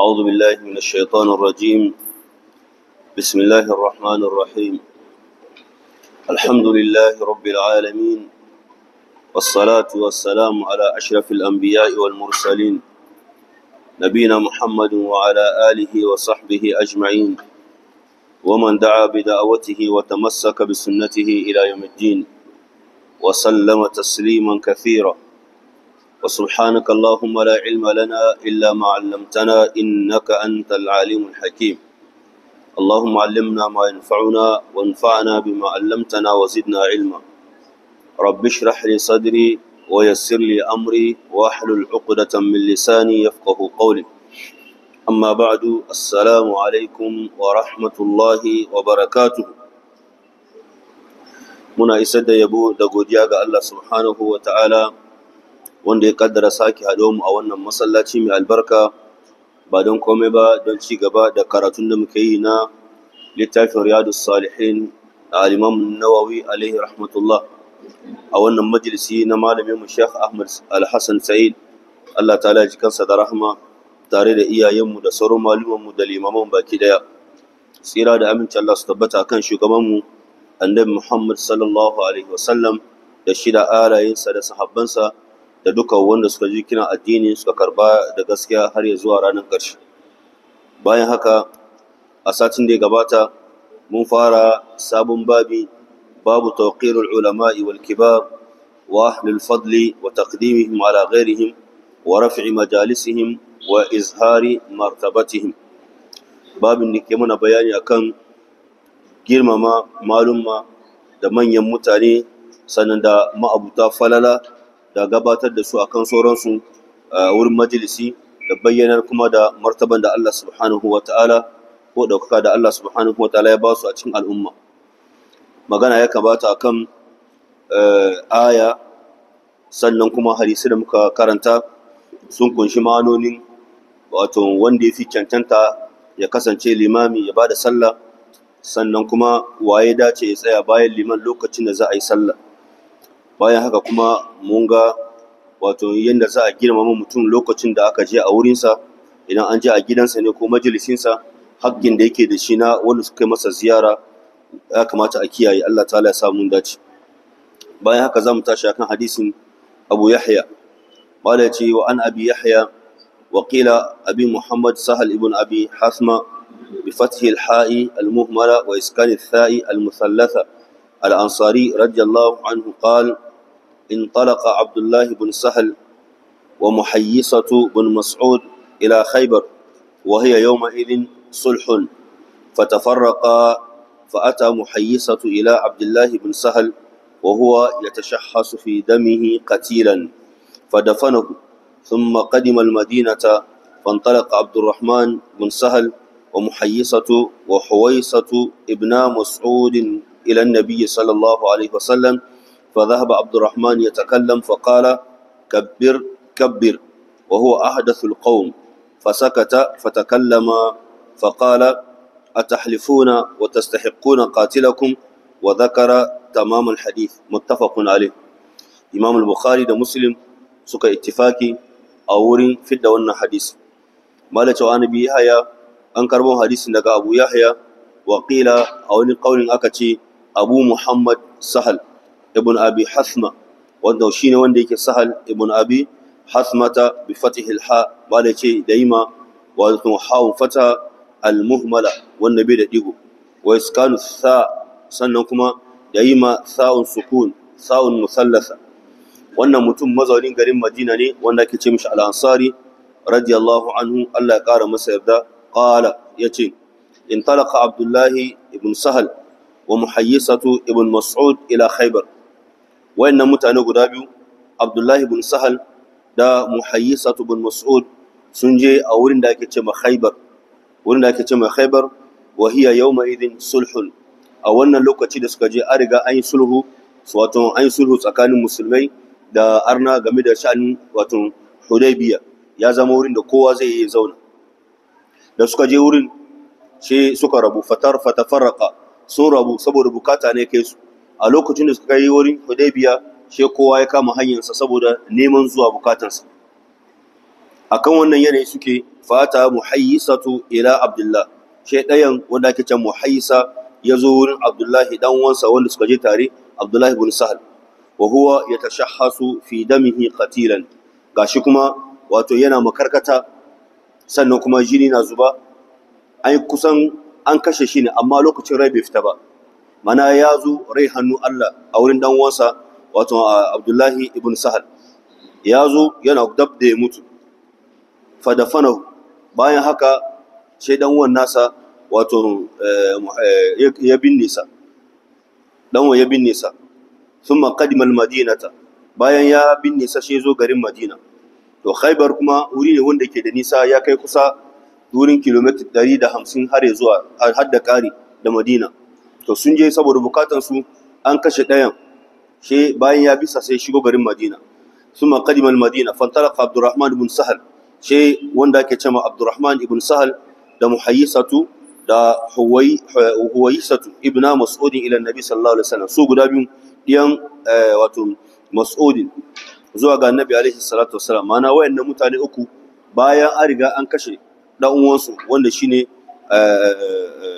أعوذ بالله من الشيطان الرجيم بسم الله الرحمن الرحيم الحمد لله رب العالمين والصلاة والسلام على أشرف الأنبياء والمرسلين نبينا محمد وعلى آله وصحبه أجمعين ومن دعا بدعوته وتمسك بسنته إلى يوم الدين وسلم تسليما كثيرا وسبحانك اللهم لا علم لنا إلا ما علمتنا إنك أنت العليم الحكيم اللهم علمنا ما ينفعنا وانفعنا بما علمتنا وزدنا علما رب اشرح لي صدري ويسر لي أمري واحلل عقدة من لساني يفقه قولي أما بعد السلام عليكم ورحمة الله وبركاته muna isar da yabo da godiya ga Allah subhanahu wa ta'ala wanda ya kaddara sake haɗo mu a wannan masallaci mai albarka ba don komai ba don ci gaba da karatun da muke yi na littafin riyadu salihin a alimamun nawawi alaihi rahmatullah a wannan majalisi na malamin mu Sheikh Ahmad alhassan Said Allah ta'ala ji kansa da rahma tare da iyayenmu da sauran malumanmu da limaman baki daya tsira da aminci Allah su tabbata kan shugabanmu annabi Muhammad sallallahu alaihi wasallam da shida arayensa da sahabbansa da duka wanda suka ji kiran addini suka karba da gaskiya har ya zuwa ranar ƙarshe bayan haka a satin da ya gabata mun fara sabon babi babu tawqirul ulama'i wal kibar wa ahlul fadli wa taqdimihim ala ghairihim wa raf'i majalisihim wa izhari martabatihim babin da ke mana bayani akan girmama malumma da manyan mutane sannan da ma'abuta falala da gabatar da su akan sauransu a wurin majalisi da bayyanar kuma da martaban da Allah subhanahu wa ta'ala ko ɗaukaka da Allah subhanahu wa ta'ala ya ba su a cikin al'umma magana ya kamata akan e, aya sannan kuma hadisi da muka karanta sun kunshi ma'anonin wato wanda ya fi cancanta ya kasance limami ya ba da sallah sannan kuma waye dace ya tsaya bayan liman lokacin da za a yi sallah bayan haka kuma mun ga wato yadda za a girmama mutum lokacin da aka je a wurinsa idan an je a gidansa ne ko majalisinsa haƙƙin da yake da shi na wanda suka yi masa ziyara ya kamata a kiyaye Allah ta'ala ya sa mun dace bayan haka za mu tashi akan hadisin Abu Yahya Abi Yahya وعن أبي يحيى Sahal أبي محمد سهل ابن أبي حثمة بفتح الحاء المهملة وإسكان الثاء المثلثة al-Ansari الله عنه قال انطلق عبد الله بن سهل ومحيصة بن مسعود إلى خيبر وهي يومئذ صلح فتفرقا فأتى محيصة إلى عبد الله بن سهل وهو يتشحص في دمه قتيلا فدفنه ثم قدم المدينة فانطلق عبد الرحمن بن سهل ومحيصة وحويصة ابنا مسعود إلى النبي صلى الله عليه وسلم فذهب عبد الرحمن يتكلم فقال كبر كبر وهو أحدث القوم فسكت فتكلم فقال أتحلفون وتستحقون قاتلكم وذكر تمام الحديث متفق عليه إمام البخاري ده مسلم سكا اتفاقي أوري في الدوانا حديث ما لتوان بيهايا أنكربون حديث لك أبو يحيى وقيل أولي قول أكتي أبو محمد سهل ibn abi hasma wanda shi ne wanda yake sahal ibn abi hasmata bi fatihil ha ba da ce da yima wato hawun fata almuhmala wanda bai da digo wa iskanu sa sannan kuma da yima sa'un sukun sa'un musallasa wannan mutum mazaunin garin madina ne wanda ake ce mishi al'ansari radiyallahu anhu allah ya kara masa yarda qala yace talaka abdullahi ibn sahal wa muhayyisatu ibn mas'ud ila Khaibar. wayannan mutane guda biyu abdullahi bin sahal da muhayyisatu bin mas'ud sun je a wurin da ake ce ma khaybar wurin da ake ce ma khaybar wa hiya yawma idin sulhun a wannan lokaci da suka je an riga an yi sulhu wato an yi sulhu tsakanin musulmai da arna game da sha'anin wato hudaybiya ya zama wurin da kowa zai yi zauna da suka je wurin sai suka rabu fatar fatafarraqa sun rabu saboda bukata ne kai su a lokacin da suka kai wurin hudaybiya she kowa ya kama hanyarsa saboda neman zuwa bukatansa akan wannan yanayi suke fata muhayyisatu ila abdullah she dayan wanda ake can muhayyisa ya zo wurin abdullahi dan wansa wanda suka je tare abdullahi ibn sahal wa huwa yatashahhasu fi damihi qatilan gashi kuma wato yana makarkata sannan kuma jini na zuba an kusan an kashe shi ne amma lokacin rai bai fita ba mana ya zo rai hannu Allah a wurin dan uwansa wato Abdullahi ibn Sahal ya zo yana dab da ya mutu fadafanahu bayan haka sai dan uwan nasa wato eh, eh, ya binne sa dan uwan ya binne sa thumma qadima al-madinata bayan ya binne sa sai zo garin Madina to Khaibar kuma wuri ne wanda ke da nisa ya kai kusa wurin kilomita 150 har zuwa har da kare da Madina to sun je saboda bukatan su an kashe ɗayan shi bayan ya bisa sai shigo garin madina sun maƙadimar madina fantalaka abdurrahman ibn sahal shi wanda ake cema abdurrahman ibn sahal da muhayyisatu da huwayisatu ibna mas'udin ila nabi sallallahu alaihi wasallam su guda biyun ɗiyan eh, wato mas'udin zuwa ga nabi alaihi salatu wasallam mana wayannan mutane uku bayan an riga an kashe ɗan uwansu wanda shine eh,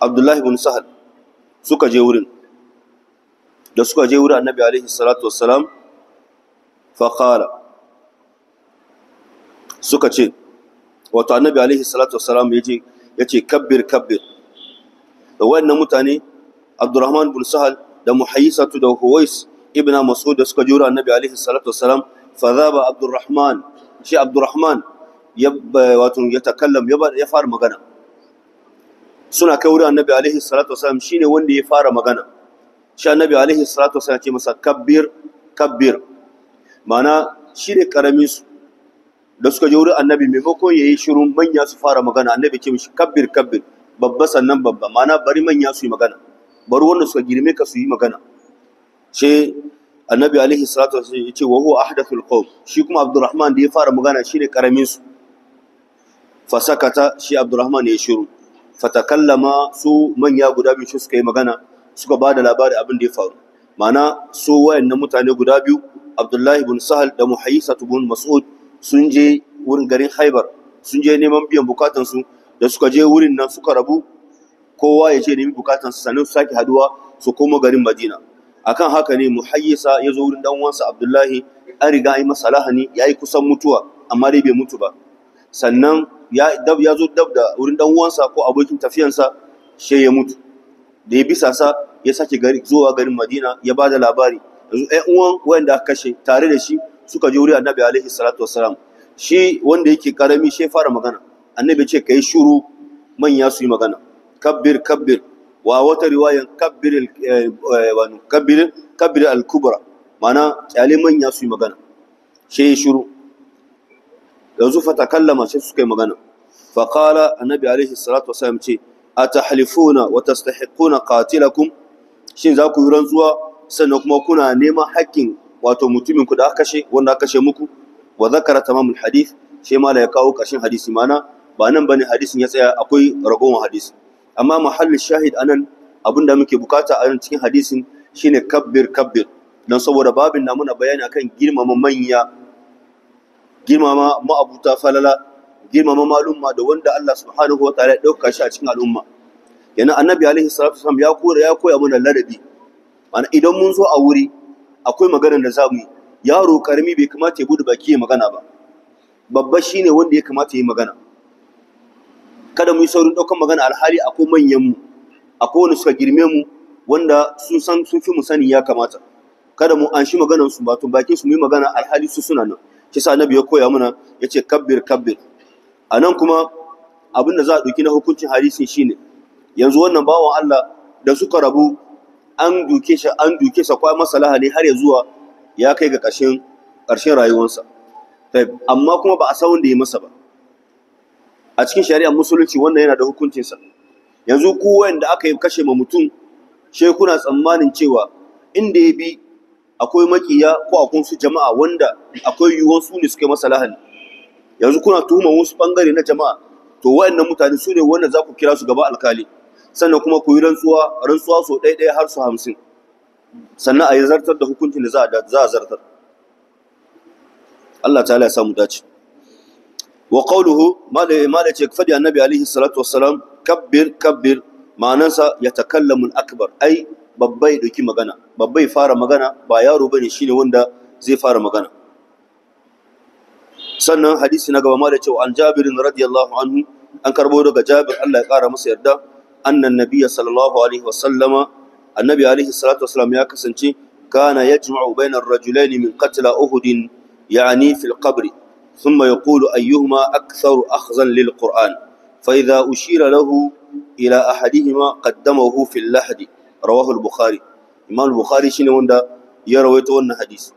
abdullahi bin sahal suka je wurin da suka je wurin annabi alaihi salatu wassalam faƙara suka ce wato annabi alaihi salatu wassalam ya ce kabbir kabbir da wayannan mutane abdurrahman bin sahal da muhayyisatu da huwais ibn mas'ud da suka je wurin annabi alaihi salatu wassalam fa zaba abdurrahman shi abdurrahman ya wato ya takallam ya fara magana suna kai wurin annabi alaihi salatu wasallam shine wanda ya fara magana shi annabi alaihi salatu wasallam ce masa kabbir kabbir mana shi ne karamin su da suka je wurin annabi maimakon ya yi shirun manya su fara magana annabi ce mishi kabbir kabbir babba sannan babba mana bari manya su yi magana bari wanda suka girme ka su yi magana ce annabi alaihi salatu wasallam ya ce wa huwa ahdathul qawm shi kuma abdurrahman da ya fara magana shine karamin su fasakata shi abdurrahman ya shiru fatakallama su manya guda biyu suka yi magana suka ba da labarin abin da ya faru mana su wayannan mutane guda biyu abdullahi bin sahal da muhayisa bin mas'ud sun je wurin garin haibar sun je neman biyan bukatansu da suka je wurin nan suka rabu kowa ya ce nemi bukatansu sannan su sake haduwa su koma garin madina akan haka ne muhayisa ya zo wurin dan uwansa abdullahi an riga yi masa lahani ya yi kusan mutuwa amma dai bai mutu ba sannan ya zo dab da wurin dan uwansa ko abokin tafiyansa she ya mutu da ya bisa sa ya sake gari zuwa garin Madina ya bada labari yanzu ɗan uwan wanda aka kashe tare da shi suka je wuri Annabi alaihi salatu wassalam shi wanda yake karami she fara magana Annabi ce kai shuru manya su yi magana kabbir kabbir wa wata riwayan kabbir eh, eh, kabbir kabbir al-kubra ma'ana kyale manya su yi magana she shuru yanzu fa takallama sai suka yi magana fa qala annabi alaihi salatu wasallam ce atahlifuna wa tastahiquna qatilakum shin za ku yi rantsuwa sannan kuma kuna neman haƙƙin wato mutumin ku da aka kashe wanda aka kashe muku wa zakara tamamul hadith shi ma ya kawo ƙarshen hadisi mana ba nan bane hadisin ya tsaya akwai ragowar hadisi amma mahallin shahid anan abinda muke bukata a cikin hadisin shine kabbir kabbir don saboda babin na muna bayani akan girmama manya girmama ma'abuta falala girmama malumma da wanda Allah subhanahu wa ta'ala ya dauka shi a cikin al'umma yana annabi alaihi salatu wasallam ya kore ya koya mana ladabi idan mun zo a wuri akwai magana da zamu yi yaro karami bai kamata ya gudu baki ya magana ba babba shine wanda ya kamata ya yi magana kada mu yi saurin daukan magana alhali akwai manyan mu akwai wanda suka girme mu wanda sun san sun fi mu sani ya kamata kada mu an shi maganar su ba tun bakin su mu yi magana alhali su suna nan sa annabi ya koya mana ya yace kabbir kabbir anan kuma abin da za a duki na hukuncin hadisin shine yanzu wannan bawan Allah da suka rabu an duke shi an duke sa kwa masalaha ne har ya zuwa ya kai ga ƙarshen ƙarshen rayuwarsa amma kuma ba a san wanda ya masa ba a cikin shari'ar musulunci wannan yana da hukuncinsa yanzu kowa wanda aka yi kashe ma mutum shekuna tsammanin cewa inda ya bi akwai makiya ko akwai su jama'a wanda akwai yiwuwar su ne suke masa lahani yanzu kuna tuhuma wasu bangare na jama'a to wa'annan mutane su ne wanda za ku kira su gaba alkali sannan kuma ku yi rantsuwa rantsuwa so ɗaya ɗaya har su hamsin sannan a yi zartar da hukuncin da za a zartar Allah ta'ala ya samu dace wa qawluhu da ce fadi annabi alaihi salatu wassalam kabbir kabbir ma'anansa yatakallamu al-akbar ai babba ya ɗauki magana babba ya fara magana ba yaro bane shine wanda zai fara magana sannan hadisi na gaba ma da cewa an jabirin radiyallahu anhu an karbo daga jabir Allah ya kara masa yarda annan nabiyya sallallahu alaihi wasallama annabi alaihi salatu wasallam ya kasance kana yajma'u bainar rajulaini min qatla uhud yani fil qabr thumma yaqulu ayyuhuma aktharu akhzan lil qur'an fa idha ushira lahu ila ahadihima qaddamahu fil lahdi rawahul bukhari imam bukhari shine wanda ya rawaita wannan hadisi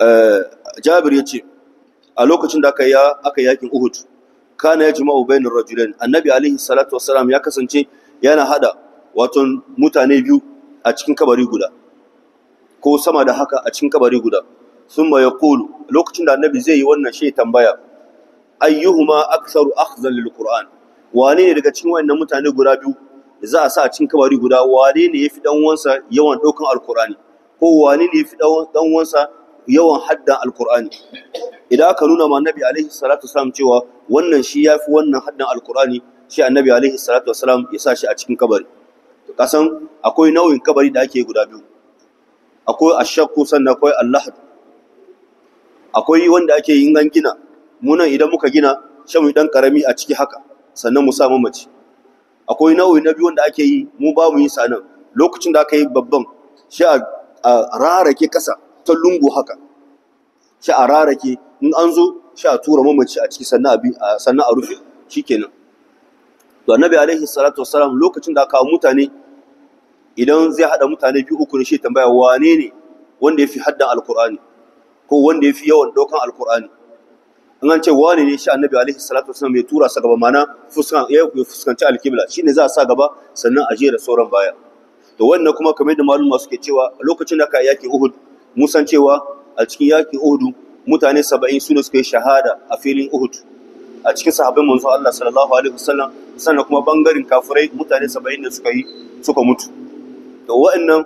eh, jabir yace a lokacin da aka ya aka yakin uhud kana yajma'u bainar rajulain annabi alaihi salatu wassalam ya kasance yana hada wato mutane biyu a cikin kabari guda ko sama da haka a cikin kabari guda thumma yaqulu lokacin da annabi zai yi wannan shi tambaya ayyuhuma aktharu akhzan lil qur'an wane ne daga cikin wayannan mutane guda biyu za a sa a cikin kabari guda wane ne yafi dan wansa yawan daukan alkur'ani ko wane ne yafi dan wansa yawan haddan alkur'ani idan aka nuna ma annabi alaihi salatu wasalam cewa wannan shi yafi wannan haddan alkur'ani shi annabi alaihi salatu wasalam ya sa shi a cikin kabari kasan akwai nau'in kabari da ake guda biyu akwai ashakku sannan akwai allahad akwai wanda ake yin gina munan idan muka gina shamu dan karami a ciki haka sannan mu sa mamaci akwai nau'i na biyu wanda ake yi mu ba mu yi sanan lokacin da aka yi babban shi a rarake kasa ta lungu haka shi a rarake in an zo shi a tura mamaci a ciki sannan a rufe shi kenan to annabi alaihi salatu wassalam lokacin da aka kawo mutane idan zai haɗa mutane biyu uku ne shi tambaya wane ne wanda ya fi haddan alkur'ani ko wanda ya fi yawan ɗaukan alkur'ani in an ce wani ne shi annabi alaihi salatu wasallam ya tura sa gaba mana fuskan ya fuskanci alkibla shine za a sa gaba sannan a jera sauran baya to wannan kuma kamar da maluma suke cewa a lokacin da aka yaki Uhud musan cewa a cikin yaki Uhud mutane 70 suna suka yi shahada a filin Uhud a cikin sahabban manzo Allah sallallahu alaihi wasallam sannan kuma bangaren kafirai mutane 70 ne suka yi suka mutu to wa'annan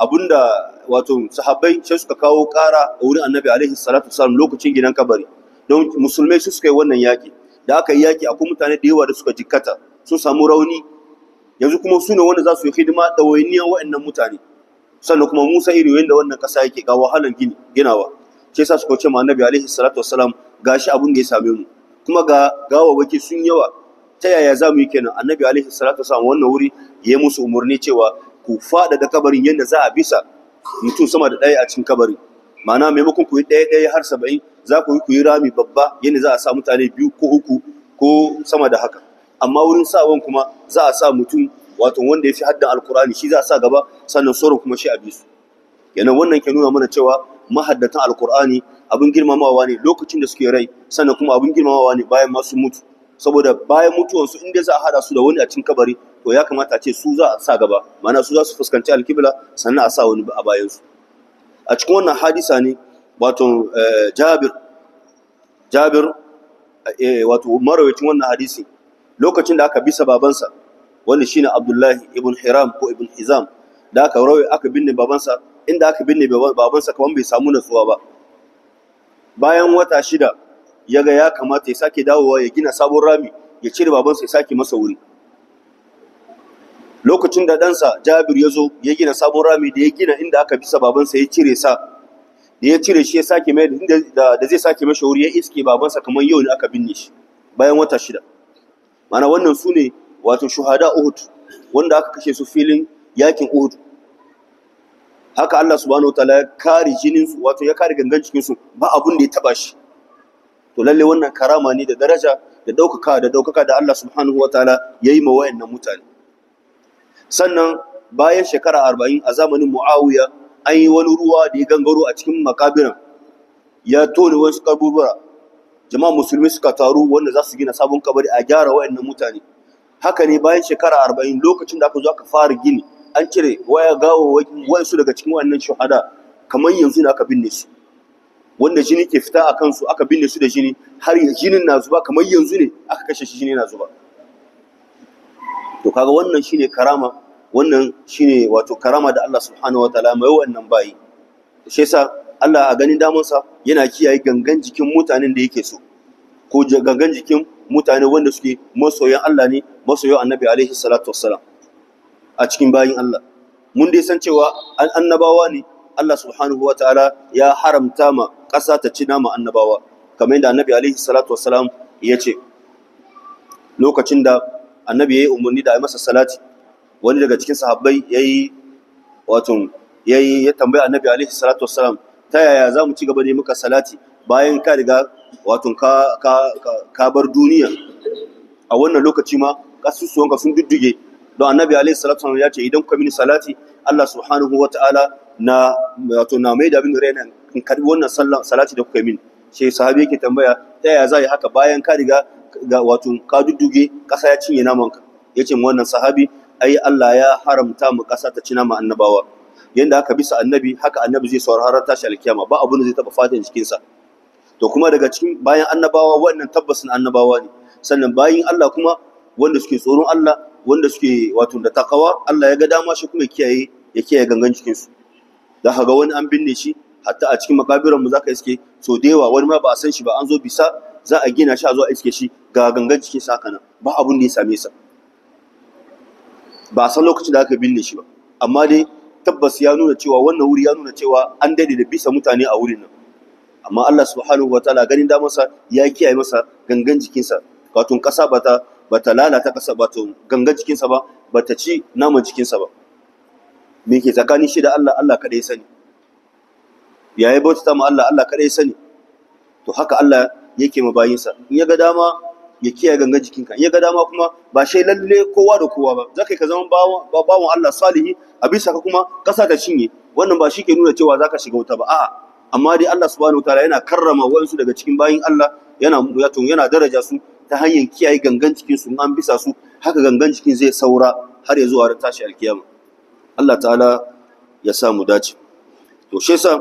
abunda wato sahabbai sai suka kawo kara a wurin annabi alaihi salatu wasallam lokacin gidan kabari don musulmai su suka yi wannan yaƙi da aka yi yaƙi akwai mutane da yawa da suka jikkata sun samu rauni yanzu kuma su ne wanda za su yi hidima da ɗawainiyar waɗannan mutane sannan kuma musa iri yadda wannan ƙasa yake ga wahalar gini ginawa shi su suka ce ma annabi alaihi salatu wassalam gashi abin da ya same mu kuma ga gawawaki sun yawa ta yaya za mu yi kenan annabi alaihi salatu wassalam wannan wuri ya yi musu umarni cewa ku da kabarin yadda za a bisa mutum sama da ɗaya a cikin kabari ma'ana maimakon ku yi ɗaya ɗaya har saba'in za ku yi ku yi rami babba yadda za a sa mutane biyu ko uku ko sama da haka amma wurin sawan kuma za a sa mutum wato wanda ya fi haddan alkurani shi za a sa gaba sannan soro kuma shi a su. Yana wannan ke nuna mana cewa mahaddatan alkurani abin girmamawa ne lokacin da suke rai sannan kuma abin girmamawa ne bayan masu mutu saboda bayan mutuwansu inda za a hada su da wani a cikin kabari to ya kamata a ce su za a sa gaba Mana su za su fuskanci alkibla sannan a sa wani a bayansu a cikin wannan hadisa ne wato eh, jabir jabir eh, wato marawacin wannan hadisi lokacin da aka bisa babansa wanda shine abdullahi ibn hiram ko ibn hizam da aka rawaye aka binne babansa inda aka binne babansa kaman bai samu nasuwa ba bayan wata shida ya ga ya kamata ya sake dawowa ya gina sabon rami ya cire babansa ya sake masa wuri lokacin da ɗansa jabir ya zo ya gina sabon rami da ya gina inda aka bisa babansa ya cire sa da ya cire shi ya sake mai da zai sake mai wuri ya iske babansa kamar yau ne aka binne shi bayan wata shida mana wannan su ne wato shuhada uhud wanda aka kashe su filin yakin uhud haka Allah subhanahu wataala ya kare jinin su wato ya kare gangan cikin su ba abun da ya taba shi to lalle wannan karama ne da daraja da daukaka da daukaka da Allah subhanahu wataala yayi ma wayannan mutane sannan bayan shekara 40 a zamanin Muawiya an yi wani ruwa da ya gangaro a cikin makabirin ya tone wasu kaburbura jama'a musulmi suka taru wanda za su gina sabon kabari a gyara wa'annan mutane haka ne bayan shekara arba'in lokacin da aka zo aka fara gini an cire waya gawo su daga cikin wa'annan shuhada kamar yanzu ne aka binne su wanda jini ke fita a kansu aka binne su da jini har jinin na zuba kamar yanzu ne aka kashe shi jini na zuba to kaga wannan shine karama wannan shine wato karama da Allah subhanahu wataala mai wannan bayi shi yasa Allah a ganin damansa yana kiyaye gangan jikin mutanen da yake so ko gangan jikin mutane wanda suke masoyan Allah ne masoyan annabi alaihi salatu wassalam a cikin bayin Allah mun dai san cewa annabawa ne Allah subhanahu wataala ya haramta ma ƙasa ta ci nama annabawa kamar yadda annabi alaihi salatu wassalam ya ce lokacin da annabi ya yi umarni da a masa salati wani daga cikin sahabbai yayi wato yayi ya tambaya annabi alaihi salatu wassalam ta yaya za mu ci gaba da muka salati bayan ka riga wato ka ka ka bar duniya a wannan lokaci ma kasusuwanka sun dudduge don annabi alaihi salatu wassalam ya ce idan kuka mini salati Allah subhanahu ta'ala na wato na mai da bin raina in karbi wannan salati da kuka mini sai sahabi yake tambaya ta yaya za yi haka bayan ka riga ga wato ka dudduge kasa ya cinye namanka yace wannan sahabi ai Allah ya haramta mu ƙasa ta cina ma annabawa yanda aka bisa annabi haka annabi zai saurara tashi alkiyama ba abun da zai taba fatan sa to kuma daga cikin bayan annabawa wannan tabbasin annabawa ne sannan bayan Allah kuma wanda suke tsoron Allah wanda suke wato da takawa Allah ya ga dama shi kuma kiyaye ya kiyaye gangan cikinsu da ga wani an binne shi hatta a cikin makabiran mu zaka iske so da yawa wani ma ba a san shi ba an zo bisa za a gina shi a zo a iske shi ga gangan cikin sa kana ba abun da ya same sa ba san lokacin da aka binne shi ba amma dai tabbas ya nuna cewa wannan wuri ya nuna cewa an daɗe da bisa mutane a wurin nan amma Allah subhanahu ta'ala ganin damansa ya kiyaye masa gangan jikinsa wato ƙasa ba bata lalata ƙasa to gangan jikinsa ba ta ci naman jikinsa ba me ke tsakanin shi da Allah Allah kaɗai sani yayi bauta ta ma Allah Allah kaɗai sani to haka Allah yake ma bayinsa in ya ga dama ya kiyaye gangan jikinka in ya ga dama kuma ba shi lalle kowa da kowa ba za ka ka zama bawan Allah salihi a bisa ka kuma ƙasa ta cinye wannan ba shi ke nuna cewa za ka shiga wuta ba a'a amma dai Allah subhanahu wataala yana karrama wa'ansu daga cikin bayin Allah yana wato yana daraja su ta hanyar kiyaye gangan cikin su an bisa su haka gangan cikin zai saura har ya zuwa ran tashi alkiyama Allah ta'ala ya sa mu dace to shi yasa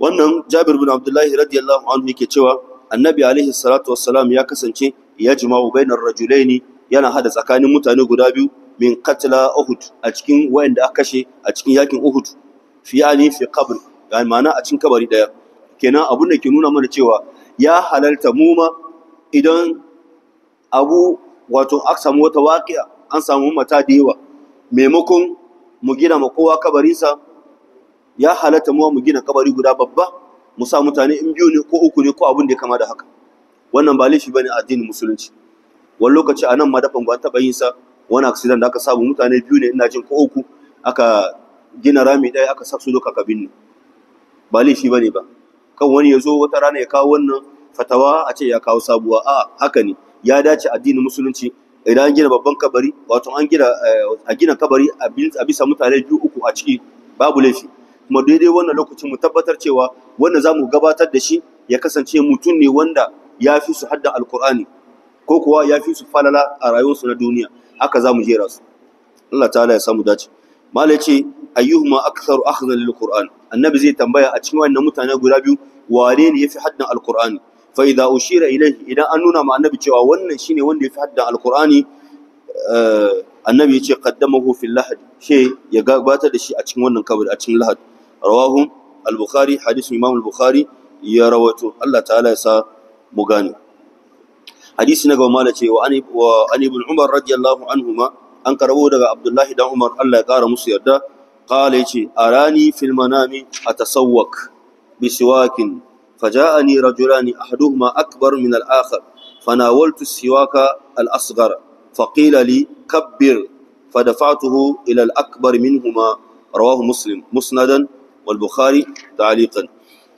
wannan Jabir bin Abdullahi radiyallahu anhu yake cewa annabi alaihi salatu wassalam ya kasance ya jima'u bainar rajulaini yana hada tsakanin mutane guda biyu min katla uhud a cikin wayanda aka kashe a cikin yakin uhud fi ani fi qabr yani ma'ana a cikin kabari daya kenan abun da ke nuna mana cewa ya halalta mu ma idan abu wato aka samu wata waqi'a an samu mata da yawa maimakon mu gina ma kowa kabarinsa ya halatta mu mu gina kabari guda babba mu sa mutane in biyu ne ko uku ne ko abin da ya kama da haka wannan ba laifi bane addinin musulunci wani lokaci a nan ma dafan ba taɓa yin sa wani accident da aka samu mutane biyu ne ina jin ko uku aka gina rami ɗaya aka sa su duka kabin ne ba laifi bane ba kan wani ya zo wata rana ya kawo wannan fatawa a ce ya kawo sabuwa a haka ne ya dace addinin musulunci idan an gina babban kabari wato an gina eh, a gina kabari a bisa mutane biyu uku a ciki babu laifi kuma daidai wannan lokacin mu tabbatar cewa wanda za mu gabatar da shi ya kasance mutum ne wanda ya fi su hadda alkur'ani ko kuwa ya fi su falala a rayuwarsu na duniya haka za mu jera su Allah ta'ala ya samu dace malai ce ayyuhuma aktharu akhdhan lil qur'an annabi zai tambaya a cikin wannan mutane guda biyu wane ne yafi haddan alqur'ani fa idza ushira ilayhi idan an nuna ma annabi cewa wannan shine wanda yafi haddan alqur'ani eh, annabi ya ce qaddamahu fil lahad she ya gabatar da shi a cikin wannan kabari a cikin lahad rawahu al-bukhari hadisin imam al-bukhari ya rawato Allah ta'ala ya sa mu gane hadisi na gaba mala ce wa an ibn umar radiyallahu anhuma an karbo daga abdullahi dan umar Allah ya kara musu yarda qala yace arani fil manami atasawwak bisiwakin akbar min احدهما اكبر fanawaltu siwaka al-asgar الاصغر kabbir لي كبر فدفعته الى akbar منهما رواه مسلم مسندا wal bukhari ta'liqan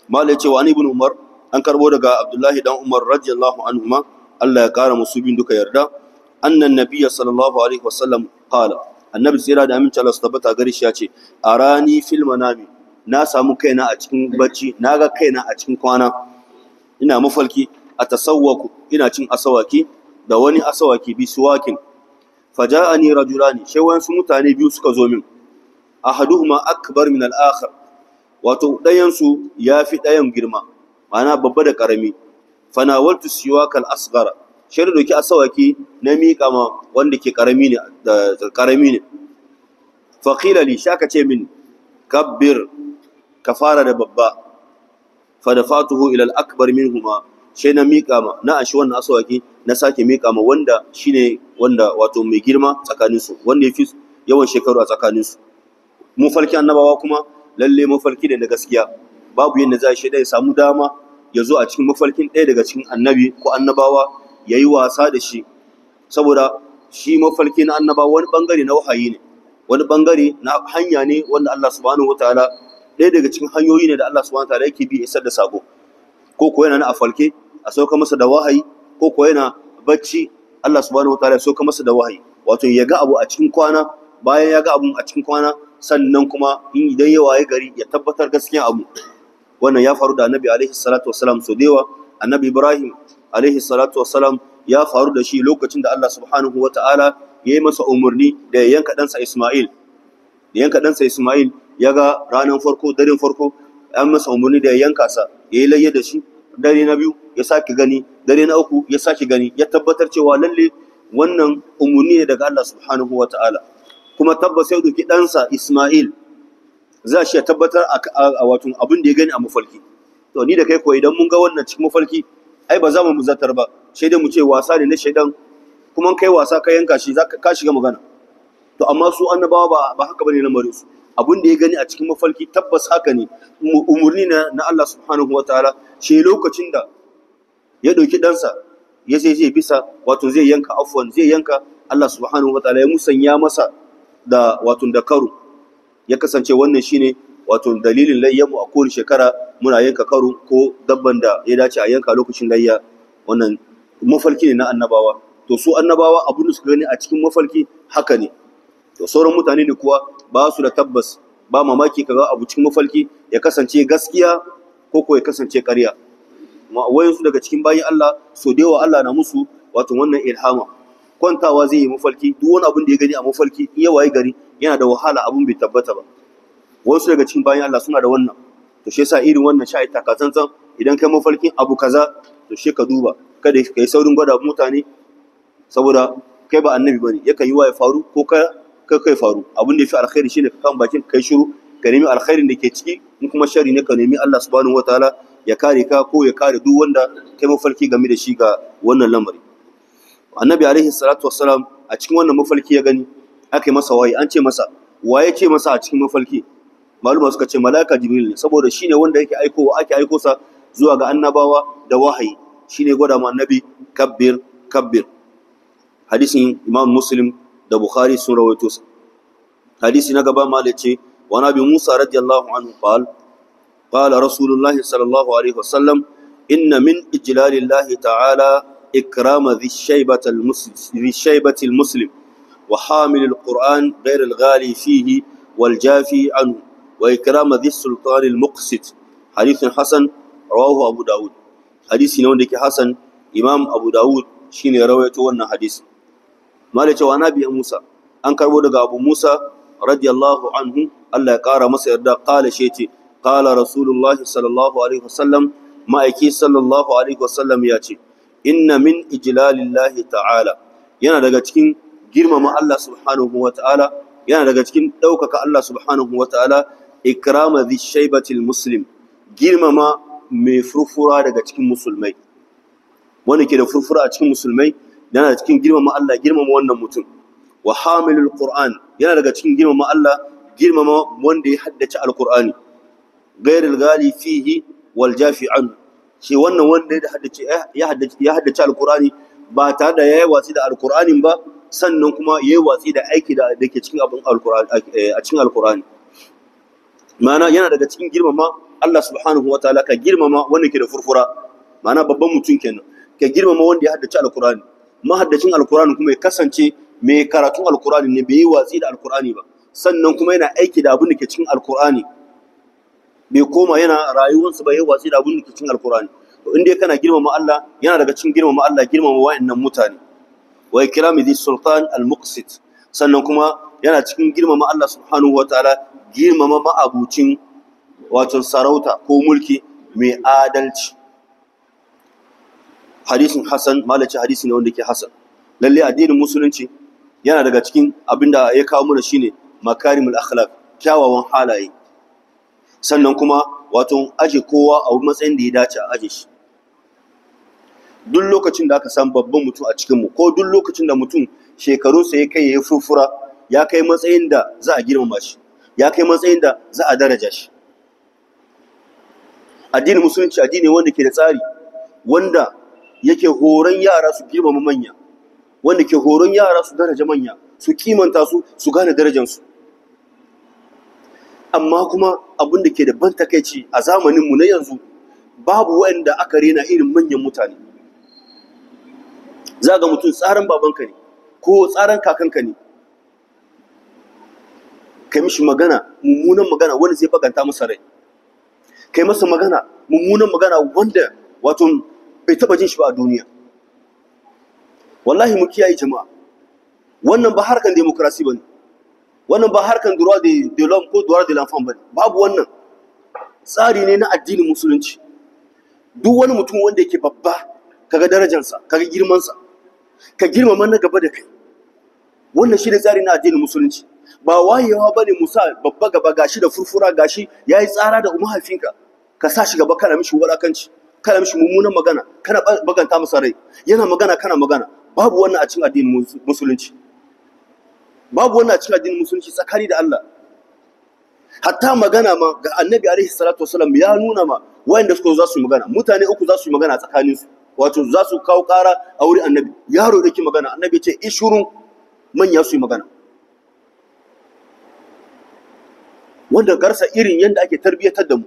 malai cewa an ibn umar an karbo daga abdullahi dan umar radiyallahu anhu Allah ya kara musu bin duka yarda annan nabiyya sallallahu alaihi wasallam qala annabi tsira da aminci Allah tabbata gari shi ya ce A fil manami na samu kaina a cikin Na ga kaina a cikin kwana ina mafalki a tasawwaku ina cin asawaki da wani asawaki bi suwakin faja'ani rajulani sai wayansu mutane biyu suka zo min ahaduhuma akbar min al wato ɗayansu ya fi ɗayan girma ma'ana babba da ƙarami fanawaltu siwa kal asgara shi da doki asawaki na miƙa ma wanda ke ƙarami ne da ƙarami ne faƙilali sha ka ce min kabbir ka fara da babba fa fatuhu ila al akbar minhuma sai na miƙa ma na ashi wannan asawaki na sake miƙa ma wanda shine wanda wato mai girma tsakaninsu wanda ya fi yawan shekaru a tsakaninsu mu falki annabawa kuma lalle mafarki da na gaskiya babu yadda za shi ya samu dama ya zo a cikin mafarkin ɗaya daga cikin annabi ko annabawa ya yi wasa da shi saboda shi mafarki na annabawa wani ɓangare na wahayi ne wani ɓangare na hanya ne wanda Allah subhanahu wa ta'ala ɗaya daga cikin hanyoyi ne da Allah subhanahu wa ta'ala yake bi isar da sako ko ko yana na afalke a sauka masa da wahayi ko ko yana bacci Allah subhanahu wa ta'ala ya sauka masa da wahayi wato ya ga abu a cikin kwana bayan ya ga abu a cikin kwana sannan kuma in idan ya waye gari ya tabbatar gaskiya abu wannan ya faru da annabi alaihi salatu wasalam so dewa annabi ibrahim alaihi salatu wasalam ya faru da shi lokacin da Allah subhanahu wataala ya yi masa umarni da ya yanka ɗansa isma'il da yanka ɗansa isma'il ya ga ranar farko daren farko an masa umarni da ya yanka sa ya yi layya da shi dare na biyu ya sake gani dare na uku ya sake gani ya tabbatar cewa lalle wannan umarni ne daga Allah subhanahu wataala kuma tabbas ya ɗauki ɗansa Ismail za shi ya tabbatar a wato abin da ya gani a mafalki to ni da kai ko idan mun ga wannan cikin mafalki ai ba za mu muzattar ba sai dai mu ce wasa ne na shaidan kuma kai wasa ka yanka shi ka shiga magana to amma su annabawa ba haka bane lamarin su abin da ya gani a cikin mafalki tabbas haka ne umurni na na Allah subhanahu ta'ala. shi lokacin da ya ɗauki ɗansa ya sai zai bisa wato zai yanka afwan zai yanka Allah subhanahu ta'ala ya musanya masa da wato dakaru ya kasance wannan shine wato dalilin layyamu a kowace shekara muna yanka karu ko dabban da ya dace a yanka lokacin layya wannan mafarki ne na annabawa to su annabawa abin da suka gani a cikin mafarki haka ne to sauran mutane ne kuwa ba su da tabbas ba mamaki kaga abu cikin mafalki ya kasance gaskiya ko ko ya kasance ƙarya wayansu daga cikin bayan Allah so da yawa Allah na musu wato wannan ilhama kwantawa zai yi mafalki duk wani abin da ya gani a mafarki in ya waye gari yana da wahala abin bai tabbata ba wasu daga cikin bayan Allah suna da wannan to shi yasa irin wannan sha'i taka tsantsan idan kai mafarkin abu kaza to shi ka duba kada ka yi saurin gwada mutane saboda kai ba annabi bane yakan yi wa ya faru ko ka kai kai faru abun da ya fi alkhairi shine ka kan bakin kai shiru ka nemi alkhairin da ke ciki in kuma shari ne ka nemi Allah subhanahu wataala ya kare ka ko ya kare duk wanda kai mafalki game da shi ga wannan lamari annabi alaihi salatu wassalam a cikin wannan mafarki ya gani aka yi masa waye an ce masa waye ce masa a cikin mafarki maluma suka ce malaka jibril ne saboda shine wanda yake aikowa ake aiko sa zuwa ga annabawa da wahayi shine gwada mu annabi kabbir kabbir hadisin imam muslim da bukhari sun rawaito sa hadisi na gaba malace wa nabi musa radiyallahu anhu qal qala rasulullahi sallallahu alaihi wasallam inna min ijlalillahi ta'ala إكرام ذي الشيبة المسلم, الشيبة المسلم وحامل القرآن غير الغالي فيه والجافي عنه وإكرام ذي السلطان المقسط حديث حسن رواه أبو داود حديث نوندك حسن إمام أبو داود شين رويته وانا حديث ما لتو أنا بي موسى أنكر ودق أبو موسى رضي الله عنه الله قال مصير دا قال شيتي قال رسول الله صلى الله عليه وسلم ما أكي صلى الله عليه وسلم ياتي inna min ijlalillahi ta'ala yana daga cikin girmama Allah subhanahu wa ta'ala yana daga cikin ɗaukaka Allah subhanahu wa ta'ala ikrama zi shaibatil muslim girmama mai furfura daga cikin musulmai Wani ke da furfura a cikin musulmai yana da cikin girmama Allah girmama wannan mutum wa hamilul qur'an yana daga cikin girmama Allah girmama wanda ya haddace alqur'ani ghairil ghali fihi wal jafi anhu shi wannan wanda eh, ya haddace alqurani ba tare da ya yi watsi da alqurani ba sannan kuma ya yi watsi da aiki da dake cikin eh, a cikin alqurani mana yana daga cikin girmama Allah subhanahu wa ta'ala ka girmama wanda ke da furfura mana babban mutum kenan ka girmama wanda ya haddace alkur'ani mahaddacin alqurani kuma ya kasance mai karatun alqurani ne bai yi watsi da alqurani ba sannan kuma yana aiki da abin da ke cikin alqurani bai koma yana rayuwarsa ba yayi watsi da abin da ke cikin alkurani to in dai kana girmama Allah yana daga cikin girmama Allah girmama wa'annan mutane wa ikrami dhi sultan al-muqsit sannan kuma yana cikin girmama Allah subhanahu wataala girmama ma'abucin wato sarauta ko mulki mai adalci hadisin hasan malaci hadisi ne wanda ke hasan lalle addinin musulunci yana daga cikin abinda ya kawo mana shine makarimul akhlaq kyawawan halaye sannan kuma wato aje kowa a matsayin da ya dace a aje shi duk lokacin da aka san babban mutum a cikinmu ko duk lokacin da mutum shekarunsa ya kai ya furfura ya kai matsayin da za a girmama shi ya kai matsayin da za a daraja shi addinin musulunci addini wanda ke da tsari wanda yake horon yara su girmama manya wanda ke horon yara su daraja manya su kimanta su su gane darajansu amma kuma abin da ke da ban takaici a zamaninmu na yanzu babu waɗanda aka rena irin manyan mutane za ga mutum tsarin babanka ne ko tsarin kakanka ne kai mishi magana mummunan magana wanda zai baganta masa rai kai masa magana mummunan magana wanda wato bai taba jin shi ba a duniya wallahi mu kiyaye jama'a wannan ba harkan demokrasi bane wannan ba harkan duwa da de ko duwa de l'enfant ba babu wannan tsari ne na addinin musulunci duk wani mutum wanda yake babba kaga darajarsa kaga girmansa ka girmama na gaba da kai wannan shi ne tsari na addinin musulunci ba wayewa ba ne musa babba gaba gashi da furfura gashi ya yi tsara da mahaifinka ka sa shi gaba kana mishi wadakanci kana mishi mummunan magana kana baganta masa rai yana magana kana magana babu wannan a cikin addinin musulunci babu wannan a cikin addinin musulunci tsakani da Allah hatta magana ma ga annabi alaihi salatu wasallam ya nuna ma wayanda suka za su magana mutane uku za su magana tsakanin su wato za su kawo ƙara a wurin annabi yaro da ke magana annabi ce ishurun manya su yi magana wanda garsa irin yadda ake tarbiyyatar da mu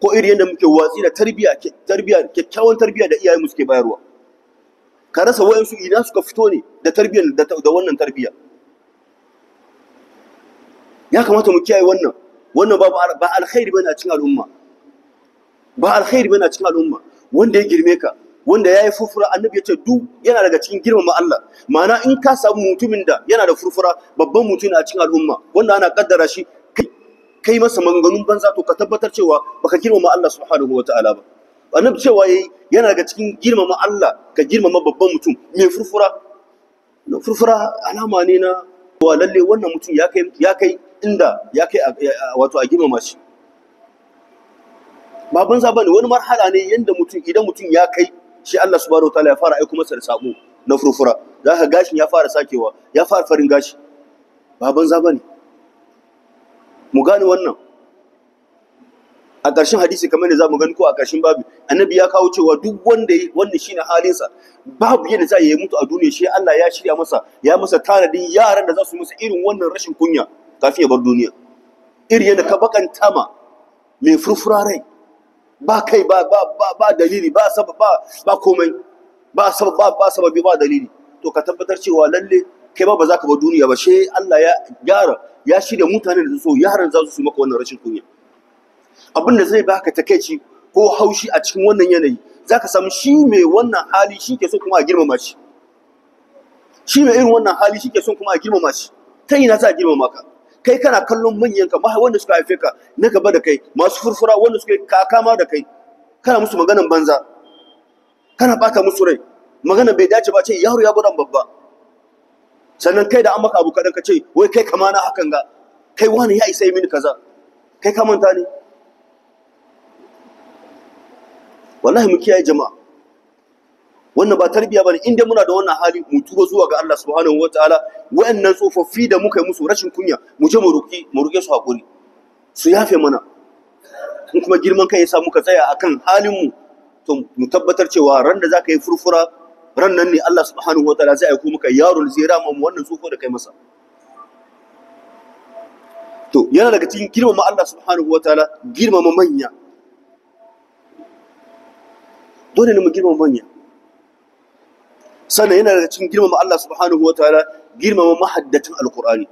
ko irin yadda muke watsi da tarbiyya tarbiyya kyakkyawan tarbiyya da mu suke bayarwa ka rasa wayansu ina suka fito ne da tarbiyyar da wannan tarbiyyar. ya kamata mu kiyaye wannan wannan ba ba alkhairi bane a cikin al'umma ba alkhairi bane a cikin al'umma wanda ya girme ka wanda ya yi furfura annabi ya ce duk yana daga cikin girmama Allah ma'ana in ka samu mutumin da yana da furfura babban mutum a cikin al'umma wanda ana kaddara shi kai masa maganganun banza to ka tabbatar cewa baka girmama Allah subhanahu wataala ba annabi cewa yayi yana daga cikin girmama Allah ka girmama babban mutum mai furfura furfura alama ne na wa lalle wannan mutum ya kai ya kai Inda ya kai wato a girmama shi ba banza bane wani marhala ne yanda mutum idan mutum ya kai shi Allah subhanahu wataala ya fara aiko masa da sako na furfura za ka gashin ya fara sakewa ya fara farin gashi ba banza bane mu gane wannan a ƙarshen hadisi kamar da za mu gani ko a ƙarshen babu annabi ya kawo cewa duk wanda wannan shine halinsa babu yadda za ya mutu a duniya shi Allah ya shirya masa ya masa tanadin yaran da za su masa irin wannan rashin kunya kafin ya bar duniya iri yadda ka bakanta ma mai furfura rai ba kai ba ba ba ba dalili ba sabab ba ba komai ba sabab ba ba sababi ba dalili to ka tabbatar cewa lalle kai ba ba za ka bar duniya ba she Allah ya gyara ya shirya mutanen da so yaran za su su maka wannan rashin kunya abin da zai baka takeici ko haushi a cikin wannan yanayi za ka samu shi mai wannan hali shi ke so kuma a girmama shi shi mai irin wannan hali shi ke so kuma a girmama shi ta ina za a girmama ka kai kana kallon manyan ka mahai wanda suka haife ka na gaba da kai masu furfura wanda suka kakama da kai kana musu maganan banza kana bata musu rai magana bai dace ba ce yaro ya budan babba sannan kai da an maka abu kadan ka ce wai kai kama na hakan ga kai wani ya isa mini kaza kai ka manta ne wallahi mu kiyaye jama'a wannan ba tarbiya bane inda muna da wannan hali mu tuba zuwa ga Allah subhanahu wataala wayannan tsofaffi da muka yi musu rashin kunya mu je mu roki mu roke su hakuri su yafe mana in kuma girman kai yasa muka tsaya akan halin mu to mu tabbatar cewa ran da zaka yi furfura ran nan ne Allah subhanahu wataala zai aiko muka yaro da zai rama mu wannan tsofo da kai masa to yana daga cikin girmama Allah subhanahu wataala girmama manya dole ne mu girmama manya sannan yana daga cikin girmama Allah subhanahu wa ta'ala girmama mahaddatin alkur'ani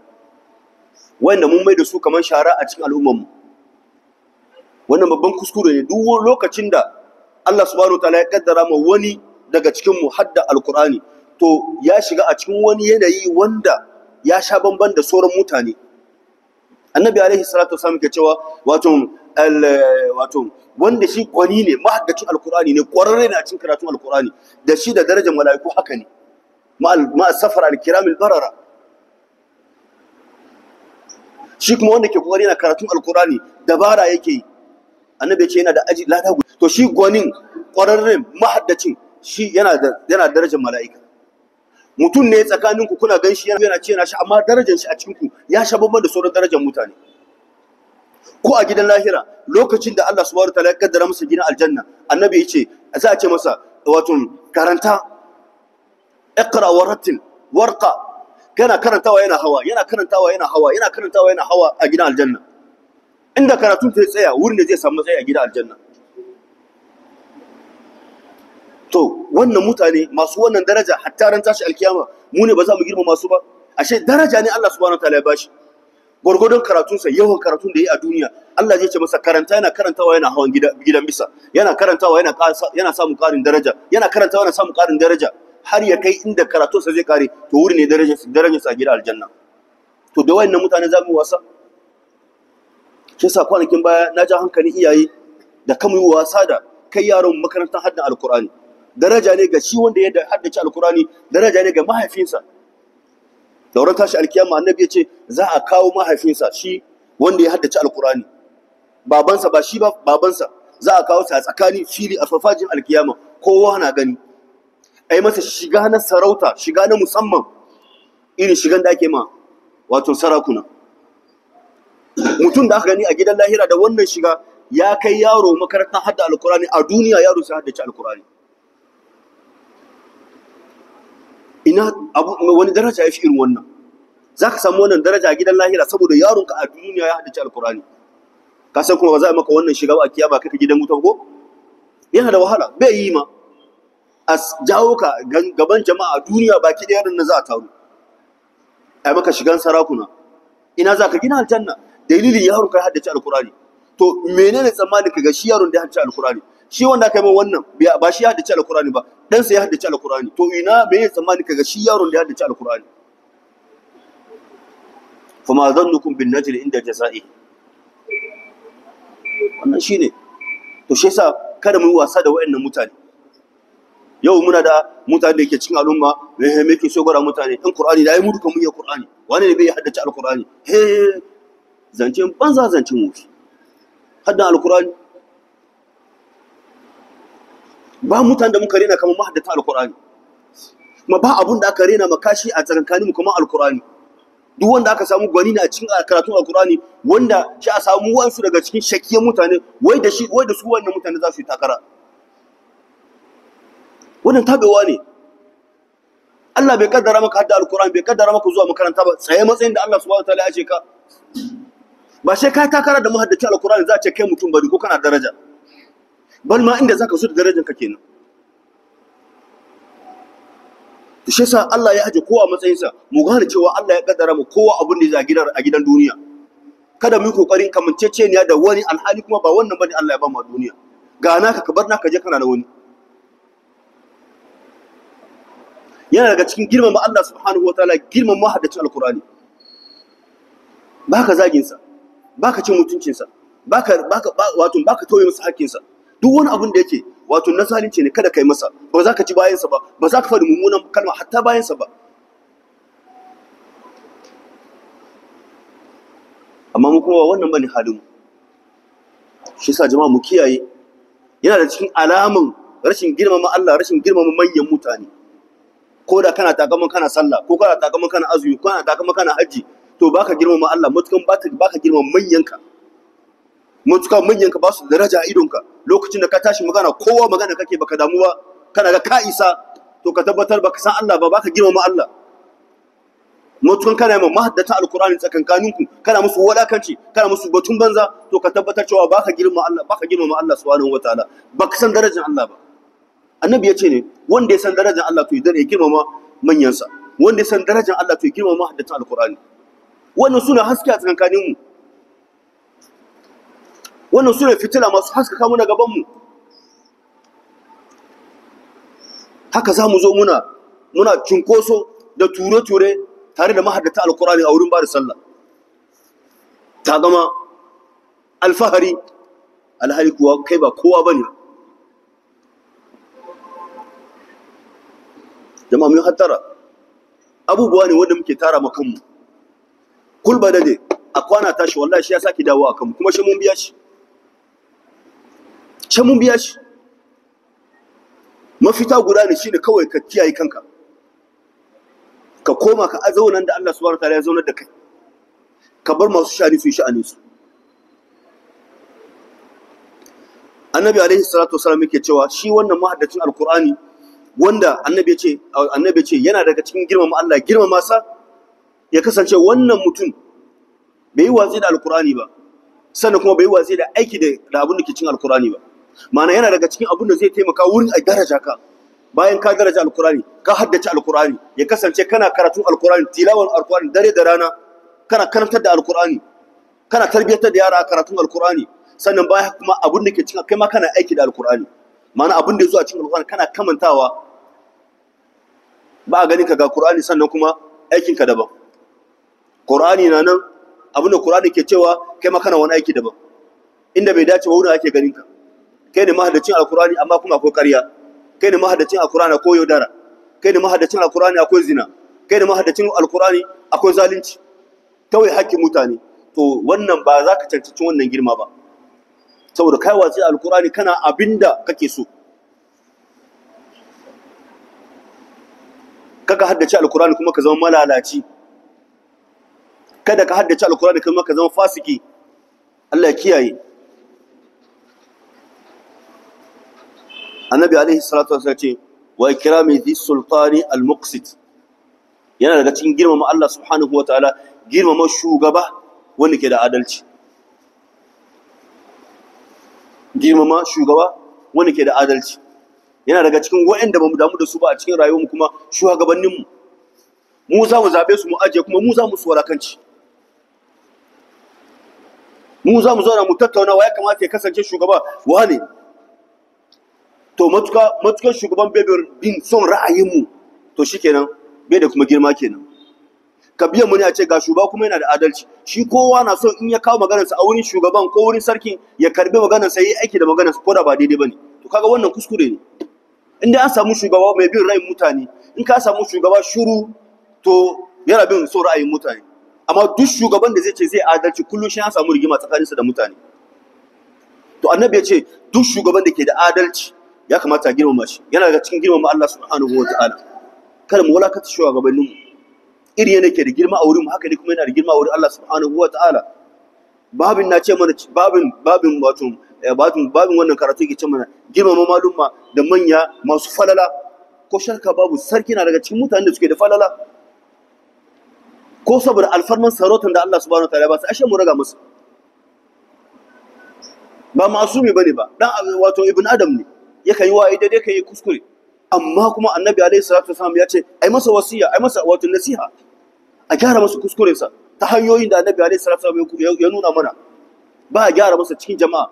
wanda mun mai da su kamar shara a cikin mu wannan babban kuskure ne duk lokacin da Allah subhanahu wa ta'ala ya kaddara ma wani daga cikin mu hadda alkur'ani to ya shiga a cikin wani yanayi wanda ya sha bamban da sauran mutane annabi alaihi salatu wasallam ke cewa wato wato wanda shi kwari ne mahaddacin Alƙurani ne ƙwararre na cin karatun Alƙurani. da shi da darajar mala'iku haka ne ma safar alkiram Barara. shi kuma wanda ke kokari yana karatun Alƙurani dabara yake yi annabi ya ce yana da aji lada to shi gwanin kwararren mahaddacin shi yana da yana darajar mala'ika mutum ne tsakaninku ku kuna ganshi yana ce na shi amma darajar shi a cikinku ku ya sha babban da sauran darajar mutane ko a gidan lahira lokacin da Allah subhanahu wataala ya kaddara masa gidan aljanna annabi za a ce masa wato karanta iqra wa rattil warqa kana karantawa yana hawa yana karantawa yana hawa yana karantawa yana hawa a gidan aljanna inda karatun ta tsaya wurin da zai samu tsaye a gidan aljanna to wannan mutane masu wannan daraja hatta ran tashi alkiyama mu ne ba za mu girma masu ba ashe daraja ne Allah subhanahu wataala ya bashi gwargwadon sa, yawan karatun da ya a duniya Allah zai ce masa karanta yana karantawa yana hawan gidan bisa yana karantawa yana yana samun karin daraja yana karantawa yana samun karin daraja har ya kai inda karatunsa zai kare to wuri ne darajar darajarsa a gidan aljanna to da wayannan mutane za mu wasa shi kwanakin baya na ja hankali iyaye da kamu yi wasa da kai yaron makarantar haddan alkur'ani daraja ne ga shi wanda ya haddace alkur'ani daraja ne ga mahaifinsa dauran tashi alkiyama annabi ya ce za a kawo mahaifinsa shi wanda ya haddace alkurani babansa ba shi ba babansa za a kawo sa tsakani fili a farfajin alkiyama kowa na gani ai masa shiga na sarauta shiga na musamman irin shigan da ake ma wato sarakuna mutum da aka gani a gidan lahira da wannan shiga ya kai yaro makarantar hadda alkurani a duniya yaro sai haddace alkurani ina wani daraja ya fi irin wannan za ka samu wannan daraja a gidan lahira saboda yaronka a duniya ya haddace alkurani ka san kuma ba za a maka wannan shiga ba a kiyama kai ka gidan wuta ko yana da wahala bai yi ma a jawo ka gaban jama'a duniya baki ɗaya nan za a taru a maka shigan sarakuna ina za ka gina aljanna dalilin yaron ka ya haddace alkurani to menene tsammanin ka ga shi yaron da ya haddace alkurani shi wanda aka yi min wannan ba shi ya haddace alkurani ba ɗansa ya haddace alkurani to ina me ya tsammani kaga shi yaron da ya haddace alkurani kuma zannukum bin najli inda jaza'i wannan shine to shi yasa kada mu yi wasa da wayannan mutane yau muna da mutane da ke cikin al'umma me me ke so gara mutane in qur'ani da yi mu duka mun yi qur'ani wani ne bai haddace alkurani he zancen banza zancen mu haddan alkurani ba mutan da muka rena kamar mahaddata alqur'ani ma ba abun da aka rena makashi a tsakankanin kuma alqur'ani duk wanda aka samu gwani ne a cikin karatun alqur'ani wanda shi a samu wansu daga cikin shakkiyan mutane wai da shi wai da su wannan mutane za su yi takara wannan tabewa ne Allah bai kaddara maka hadda alqur'ani bai kaddara maka zuwa makaranta ba tsaye matsayin da Allah subhanahu wataala ya ce ka ba sai ka takara da muhaddacin alqur'ani za a ce kai mutum bari ko kana daraja bal ma inda zaka so da darajar ka kenan to shi yasa Allah ya aje kowa matsayin sa mu gane cewa Allah ya kaddara mu kowa abin da zai a gidan duniya kada mu yi kokarin kamanceceniya da wani alhali kuma ba wannan bane Allah ya ba mu a duniya ga naka ka bar naka je kana da wani yana daga cikin girmama Allah subhanahu wataala girmama haddacin alqurani baka zagin sa baka cin mutuncin sa baka baka wato baka toye masa hakkin sa duk wani abin da yake wato na zalunci ne kada kai masa ba za ka ci bayansa ba ba za ka faɗi mummunan kalma hatta bayansa ba amma mu kuma wannan bane halin shi sa jama'a mu kiyaye yana da cikin alamun rashin girmama Allah rashin girmama manyan mutane ko da kana takaman kana sallah ko kana takaman kana azumi ko kana takaman kana haji to baka girmama Allah mutukan baka girmama manyanka mutukan manyanka ba su daraja a idonka lokacin da ka tashi magana kowa magana kake baka damu ba kana ga ka isa to ka tabbatar baka san Allah ba baka girmama Allah mutukan kana mai mahaddata alkur'ani ku, kana musu walakanci kana musu batun banza to ka tabbatar cewa baka girmama Allah baka girmama Allah subhanahu wataala baka san darajar Allah ba annabi ya ce ne wanda ya san darajar Allah to ya girmama manyansa wanda ya san darajar Allah to ya girmama mahaddata alkur'ani wannan suna haske a mu. wannan su ne fitila masu haskaka muna gabanmu haka za mu zo muna muna cunkoso da ture-ture tare da mahaddata alkurani a wurin bada sallah ta gama alfahari alhari kuwa kai ba kowa ba ne jama'a mun hattara abubuwa ne wanda muke tara kanmu kulba da ne a kwana tashi wallahi shi ya sake dawo a kanmu kuma shi mun biya shi ce mun biya shi mafita guda ne shine kawai ka kiyaye kanka ka koma ka azaunan da Allah subhanahu wataala ya zaunar da kai ka bar masu shani su yi sha'anin su annabi alaihi salatu wasallam yake cewa shi wannan mahaddacin alqur'ani wanda annabi ya ce annabi ya ce yana daga cikin girmama Allah girmama sa ya kasance wannan mutum bai yi watsi da alqur'ani ba sannan kuma bai yi watsi da aiki da abin da ke cikin alqur'ani ba ma'ana yana daga cikin abin da zai taimaka wurin a daraja ka bayan ka daraja alkurani ka haddace alkurani ya kasance kana karatun alkurani tilawan alkurani dare da rana kana karantar da alkurani kana tarbiyyatar da yara karatun alkurani sannan bayan kuma abin da ke cikin kai ma kana aiki da alkurani ma'ana abin da ya zo a cikin alkurani kana kamantawa ba a ganin ka ga kurani sannan kuma aikin ka daban kurani na nan abin da kurani ke cewa kai ma kana wani aiki daban inda bai dace ba wurin ake ganin ka kai ne mahaddacin alkurani amma kuma akwai ƙarya kai ne mahaddacin alkurani akwai yaudara kai ne mahaddacin alkurani akwai zina kai ne mahaddacin alkurani akwai zalunci kawai haƙƙin mutane to wannan ba za ka cancanci wannan girma ba saboda kai watsi alkurani kana abinda kake so kaka haddace alkurani kuma ka zama malalaci kada ka haddace alkurani kuma ka zama fasiki Allah ya kiyaye annabi alaihi salatu wasallam ce wa ikrami dhi sultani al-muqsit yana daga cikin girmama Allah subhanahu wataala girmama shugaba wanda ke da adalci girmama shugaba wanda ke da adalci yana daga cikin waɗanda bamu damu da su ba a cikin rayuwarmu kuma shugabanninmu mu za mu zaɓe su mu aje kuma mu za mu su walakanci mu za mu zauna mu tattauna wa ya kamata ya kasance shugaba wa ne? to matuka shugaban bebe bin son ra'ayinmu to shi kenan bai da kuma girma kenan ka biyan muni a ce ga shugaba kuma yana da adalci shi kowa na so in ya kawo maganarsa a wurin shugaban ko wurin sarki ya karbi maganarsa ya yi aiki da maganarsa ko da ba daidai ba ne to kaga wannan kuskure ne in dai an samu shugaba mai bin ra'ayin mutane in ka samu shugaba shuru to yana bin son ra'ayin mutane amma duk shugaban da zai ce zai adalci kullum shi ya samu rigima tsakaninsa da mutane to annabi ya ce duk shugaban da ke da adalci ya kamata a girmama shi yana daga cikin girmama Allah subhanahu wa ta'ala kar mu walakata shugabannin mu iri yana ke da girma a wurin mu haka ne kuma yana da girma a wurin Allah subhanahu wa ta'ala babin na ce mana babin babin wato eh, babin babin wannan karatu yake ce mana girmama malumma da manya masu falala ko sharka babu sarki na daga cikin mutanen da suke da falala ko saboda alfarman sarautar da Allah subhanahu wa ta'ala ba su ashe mu raga musu ba masumi bane ba dan wato ibn adam ne yakan yi wa'ayi daidai kan yi kuskure amma kuma annabi alaihi salatu wasallam ya ce ai masa wasiya ai masa wato nasiha a gyara masa kuskurensa ta hanyoyin da annabi alaihi salatu wasallam ya nuna mana ba a gyara masa cikin jama'a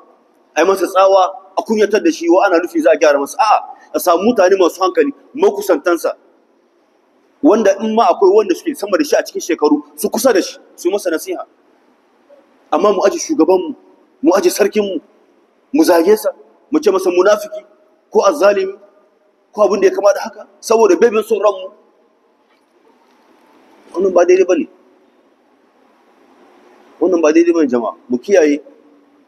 ai masa tsawa a kunyatar da shi wa ana nufi za a gyara masa a'a a samu mutane masu hankali makusantansa wanda in ma akwai wanda suke sama da shi a cikin shekaru su kusa da shi su masa nasiha amma mu aji shugabanmu mu aji sarkinmu mu zage sa mu ce masa munafiki ko azzalimi ko abin da ya kama da haka saboda bebin son ranmu wannan ba daidai ba ne wannan ba daidai ba ne jama'a mu kiyaye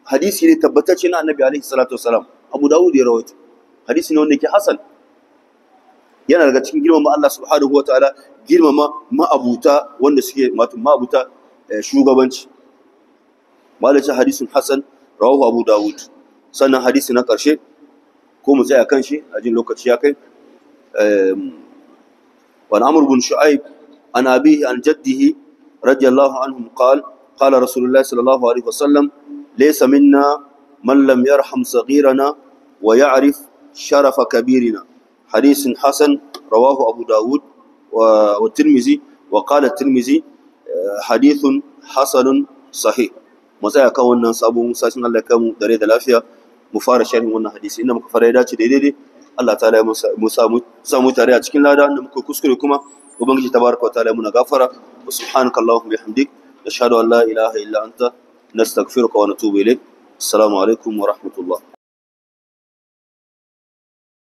hadisi ne tabbatacce na annabi alaihi salatu wasalam abu dawud ya rawaito hadisi ne wanda yake hasan yana daga cikin girmama Allah subhanahu wataala girmama ma'abuta wanda suke wato ma'abuta eh, shugabanci malaci hadisin hasan rawahu abu dawud sannan hadisi na karshe ko mu tsaya kan shi a jin lokaci ya kai wa amr bin shu'aib an abihi an jaddihi radiyallahu anhum qala qala rasulullah sallallahu alaihi wasallam laysa minna man lam yarham saghirana wa ya'rif sharafa kabirina hadisin hasan rawahu abu daud wa tirmizi wa qala tirmizi eh, hadithun hasanun sahih mu tsaya kan wannan sabon sashin Allah ya kamu dare da lafiya mu fara sharin wannan hadisi inda muka fara ya dace daidai Allah ta'ala ya mu tare a cikin lada inda muka kuskure kuma ubangiji tabaraka wa ta'ala muna gafara wa subhanaka allahumma bihamdik nashhadu an la ilaha illa anta nastaghfiruka wa natubu ilayk assalamu alaikum wa rahmatullah